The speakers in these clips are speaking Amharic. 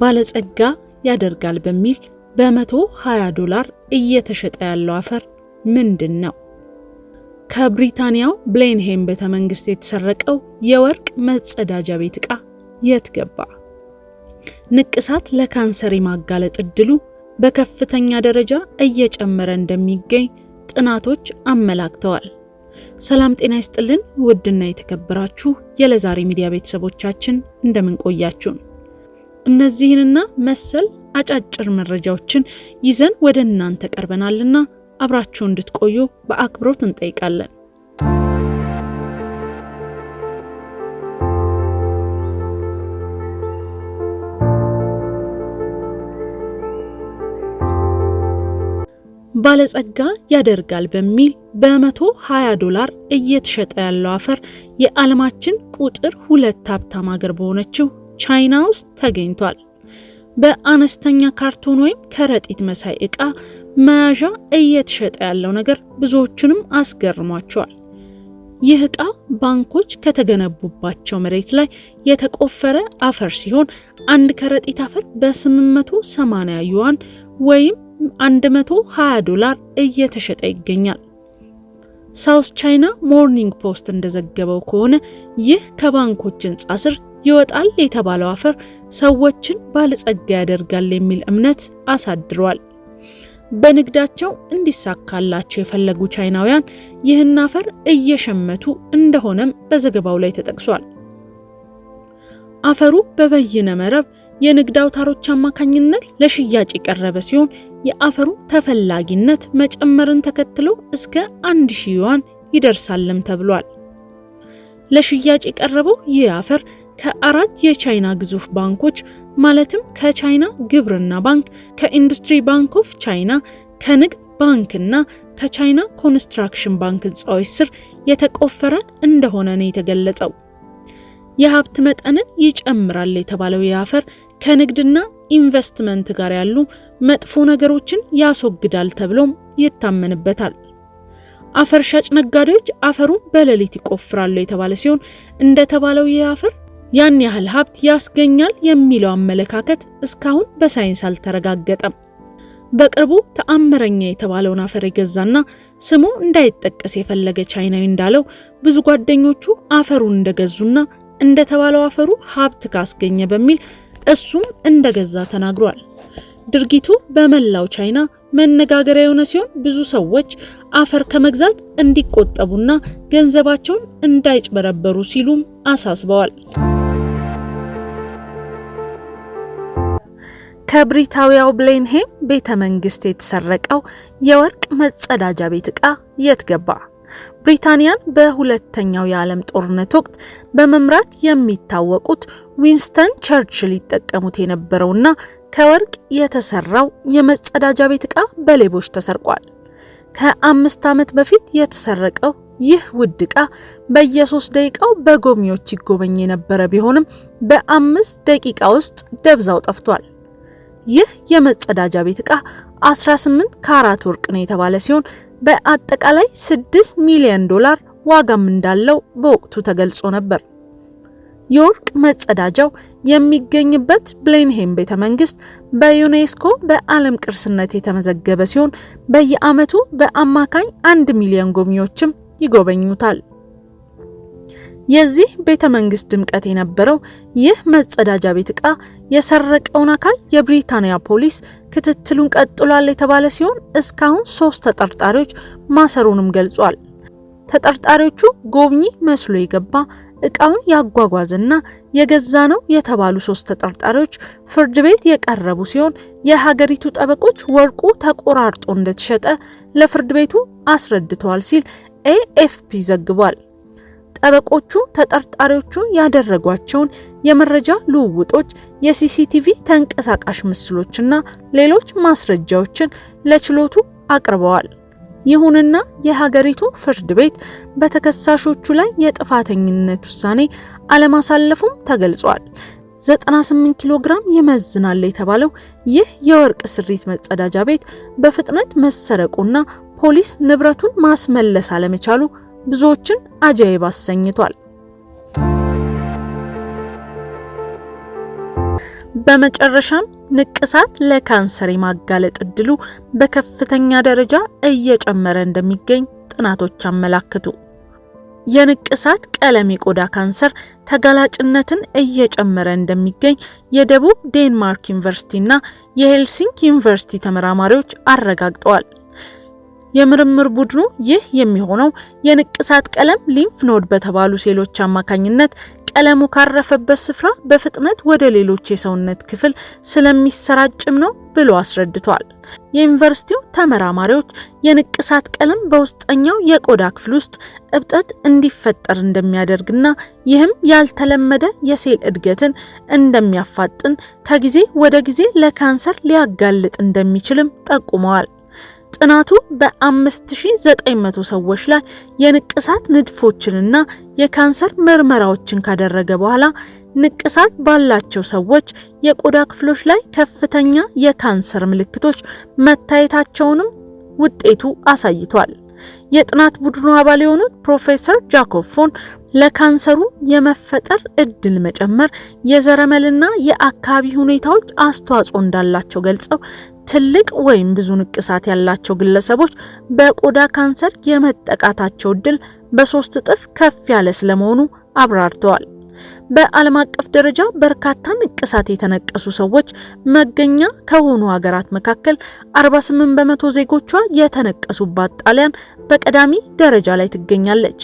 ባለጸጋ ያደርጋል በሚል በ120 ዶላር እየተሸጠ ያለው አፈር ምንድን ነው? ከብሪታንያው ብሌንሄም ቤተ መንግስት የተሰረቀው የወርቅ መጸዳጃ ቤት ዕቃ የት ገባ? ንቅሳት ለካንሰር የማጋለጥ እድሉ በከፍተኛ ደረጃ እየጨመረ እንደሚገኝ ጥናቶች አመላክተዋል። ሰላም ጤና ይስጥልን ውድና የተከበራችሁ የለዛሬ ሚዲያ ቤተሰቦቻችን እንደምንቆያችሁ? እነዚህንና መሰል አጫጭር መረጃዎችን ይዘን ወደ እናንተ ቀርበናልና አብራችሁ እንድትቆዩ በአክብሮት እንጠይቃለን። ባለጸጋ ያደርጋል በሚል በ120 ዶላር እየተሸጠ ያለው አፈር የዓለማችን ቁጥር ሁለት ሀብታም ሀገር በሆነችው ቻይና ውስጥ ተገኝቷል። በአነስተኛ ካርቶን ወይም ከረጢት መሳይ እቃ መያዣ እየተሸጠ ያለው ነገር ብዙዎቹንም አስገርሟቸዋል። ይህ እቃ ባንኮች ከተገነቡባቸው መሬት ላይ የተቆፈረ አፈር ሲሆን አንድ ከረጢት አፈር በ880 ዩዋን ወይም 120 ዶላር እየተሸጠ ይገኛል። ሳውስ ቻይና ሞርኒንግ ፖስት እንደዘገበው ከሆነ ይህ ከባንኮች ህንፃ ስር ይወጣል የተባለው አፈር ሰዎችን ባለጸጋ ያደርጋል የሚል እምነት አሳድሯል። በንግዳቸው እንዲሳካላቸው የፈለጉ ቻይናውያን ይህን አፈር እየሸመቱ እንደሆነም በዘገባው ላይ ተጠቅሷል። አፈሩ በበይነ መረብ የንግድ አውታሮች አማካኝነት ለሽያጭ የቀረበ ሲሆን የአፈሩ ተፈላጊነት መጨመርን ተከትሎ እስከ አንድ ሺህ ዩዋን ይደርሳልም ተብሏል። ለሽያጭ የቀረበው ይህ አፈር ከአራት የቻይና ግዙፍ ባንኮች ማለትም ከቻይና ግብርና ባንክ፣ ከኢንዱስትሪ ባንክ ኦፍ ቻይና፣ ከንግድ ባንክና ከቻይና ኮንስትራክሽን ባንክ ህንፃዎች ስር የተቆፈረ እንደሆነ ነው የተገለጸው። የሀብት መጠንን ይጨምራል የተባለው የአፈር ከንግድና ኢንቨስትመንት ጋር ያሉ መጥፎ ነገሮችን ያስወግዳል ተብሎም ይታመንበታል። አፈር ሻጭ ነጋዴዎች አፈሩን በሌሊት ይቆፍራሉ የተባለ ሲሆን እንደተባለው ይህ አፈር ያን ያህል ሀብት ያስገኛል የሚለው አመለካከት እስካሁን በሳይንስ አልተረጋገጠም። በቅርቡ ተአምረኛ የተባለውን አፈር የገዛና ስሙ እንዳይጠቀስ የፈለገ ቻይናዊ እንዳለው ብዙ ጓደኞቹ አፈሩን እንደገዙና እንደተባለው አፈሩ ሀብት ካስገኘ በሚል እሱም እንደገዛ ተናግሯል። ድርጊቱ በመላው ቻይና መነጋገሪያ የሆነ ሲሆን ብዙ ሰዎች አፈር ከመግዛት እንዲቆጠቡና ገንዘባቸውን እንዳይጭበረበሩ ሲሉም አሳስበዋል። ከብሪታውያው ብሌንሄም ቤተ መንግስት የተሰረቀው የወርቅ መጸዳጃ ቤት ዕቃ የት ገባ? ብሪታንያን በሁለተኛው የዓለም ጦርነት ወቅት በመምራት የሚታወቁት ዊንስተን ቸርችል ይጠቀሙት የነበረውና ከወርቅ የተሰራው የመጸዳጃ ቤት ዕቃ በሌቦች ተሰርቋል። ከአምስት ዓመት በፊት የተሰረቀው ይህ ውድ ዕቃ በየሶስት ደቂቃው በጎብኚዎች ይጎበኝ የነበረ ቢሆንም በአምስት ደቂቃ ውስጥ ደብዛው ጠፍቷል። ይህ የመጸዳጃ ቤት ዕቃ 18 ካራት ወርቅ ነው የተባለ ሲሆን በአጠቃላይ 6 ሚሊዮን ዶላር ዋጋም እንዳለው በወቅቱ ተገልጾ ነበር። የወርቅ መጸዳጃው የሚገኝበት ብሌንሄም ቤተ መንግስት በዩኔስኮ በዓለም ቅርስነት የተመዘገበ ሲሆን በየዓመቱ በአማካኝ አንድ ሚሊዮን ጎብኚዎችም ይጎበኙታል። የዚህ ቤተ መንግስት ድምቀት የነበረው ይህ መጸዳጃ ቤት ዕቃ የሰረቀውን አካል የብሪታንያ ፖሊስ ክትትሉን ቀጥሏል የተባለ ሲሆን እስካሁን ሶስት ተጠርጣሪዎች ማሰሩንም ገልጿል። ተጠርጣሪዎቹ ጎብኚ መስሎ የገባ እቃውን ያጓጓዘና የገዛ ነው የተባሉ ሶስት ተጠርጣሪዎች ፍርድ ቤት የቀረቡ ሲሆን የሀገሪቱ ጠበቆች ወርቁ ተቆራርጦ እንደተሸጠ ለፍርድ ቤቱ አስረድተዋል ሲል ኤኤፍፒ ዘግቧል። ጠበቆቹ ተጠርጣሪዎቹ ያደረጓቸውን የመረጃ ልውውጦች፣ የሲሲቲቪ ተንቀሳቃሽ ምስሎችና ሌሎች ማስረጃዎችን ለችሎቱ አቅርበዋል። ይሁንና የሀገሪቱ ፍርድ ቤት በተከሳሾቹ ላይ የጥፋተኝነት ውሳኔ አለማሳለፉም ተገልጿል። 98 ኪሎ ግራም ይመዝናል የተባለው ይህ የወርቅ ስሪት መጸዳጃ ቤት በፍጥነት መሰረቁና ፖሊስ ንብረቱን ማስመለስ አለመቻሉ ብዙዎችን አጃይብ አሰኝቷል። በመጨረሻም ንቅሳት ለካንሰር የማጋለጥ እድሉ በከፍተኛ ደረጃ እየጨመረ እንደሚገኝ ጥናቶች አመላክቱ። የንቅሳት ቀለም የቆዳ ካንሰር ተጋላጭነትን እየጨመረ እንደሚገኝ የደቡብ ዴንማርክ ዩኒቨርሲቲና የሄልሲንኪ ዩኒቨርሲቲ ተመራማሪዎች አረጋግጠዋል። የምርምር ቡድኑ ይህ የሚሆነው የንቅሳት ቀለም ሊምፍ ኖድ በተባሉ ሴሎች አማካኝነት ቀለሙ ካረፈበት ስፍራ በፍጥነት ወደ ሌሎች የሰውነት ክፍል ስለሚሰራጭም ነው ብሎ አስረድቷል። የዩኒቨርሲቲው ተመራማሪዎች የንቅሳት ቀለም በውስጠኛው የቆዳ ክፍል ውስጥ እብጠት እንዲፈጠር እንደሚያደርግና ይህም ያልተለመደ የሴል እድገትን እንደሚያፋጥን፣ ከጊዜ ወደ ጊዜ ለካንሰር ሊያጋልጥ እንደሚችልም ጠቁመዋል። ጥናቱ በ5900 ሰዎች ላይ የንቅሳት ንድፎችንና የካንሰር ምርመራዎችን ካደረገ በኋላ ንቅሳት ባላቸው ሰዎች የቆዳ ክፍሎች ላይ ከፍተኛ የካንሰር ምልክቶች መታየታቸውንም ውጤቱ አሳይቷል። የጥናት ቡድኑ አባል የሆኑት ፕሮፌሰር ጃኮብ ፎን ለካንሰሩ የመፈጠር እድል መጨመር የዘረመልና የአካባቢ ሁኔታዎች አስተዋጽኦ እንዳላቸው ገልጸው ትልቅ ወይም ብዙ ንቅሳት ያላቸው ግለሰቦች በቆዳ ካንሰር የመጠቃታቸው እድል በሶስት እጥፍ ከፍ ያለ ስለመሆኑ አብራርተዋል። በዓለም አቀፍ ደረጃ በርካታ ንቅሳት የተነቀሱ ሰዎች መገኛ ከሆኑ ሀገራት መካከል 48 በመቶ ዜጎቿ የተነቀሱባት ጣሊያን በቀዳሚ ደረጃ ላይ ትገኛለች።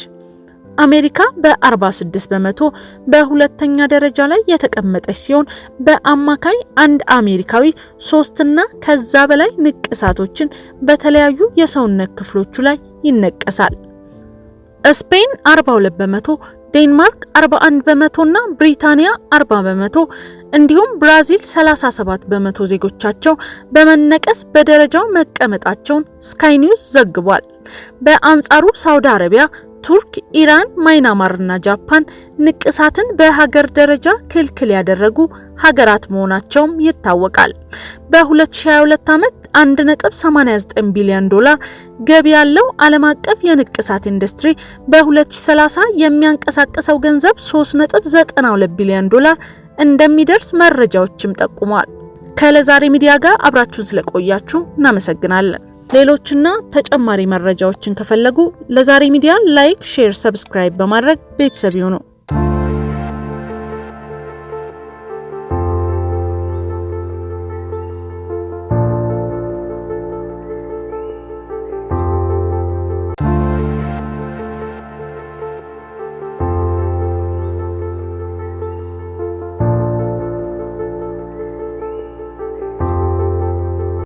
አሜሪካ በ46 በመቶ በሁለተኛ ደረጃ ላይ የተቀመጠች ሲሆን በአማካይ አንድ አሜሪካዊ ሶስትና ከዛ በላይ ንቅሳቶችን በተለያዩ የሰውነት ክፍሎቹ ላይ ይነቀሳል። ስፔን 42 በመቶ፣ ዴንማርክ 41 በመቶ እና ብሪታንያ 40 በመቶ እንዲሁም ብራዚል 37 በመቶ ዜጎቻቸው በመነቀስ በደረጃው መቀመጣቸውን ስካይ ኒውስ ዘግቧል። በአንጻሩ ሳውዲ አረቢያ ቱርክ፣ ኢራን፣ ማይናማርና ጃፓን ንቅሳትን በሀገር ደረጃ ክልክል ያደረጉ ሀገራት መሆናቸውም ይታወቃል። በ2022 ዓመት 1.89 ቢሊዮን ዶላር ገቢ ያለው ዓለም አቀፍ የንቅሳት ኢንዱስትሪ በ2030 የሚያንቀሳቅሰው ገንዘብ 3.92 ቢሊዮን ዶላር እንደሚደርስ መረጃዎችም ጠቁመዋል። ከለዛሬ ሚዲያ ጋር አብራችሁን ስለቆያችሁ እናመሰግናለን። ሌሎችና ተጨማሪ መረጃዎችን ከፈለጉ ለዛሬ ሚዲያ ላይክ፣ ሼር፣ ሰብስክራይብ በማድረግ ቤተሰብ ይሁኑ።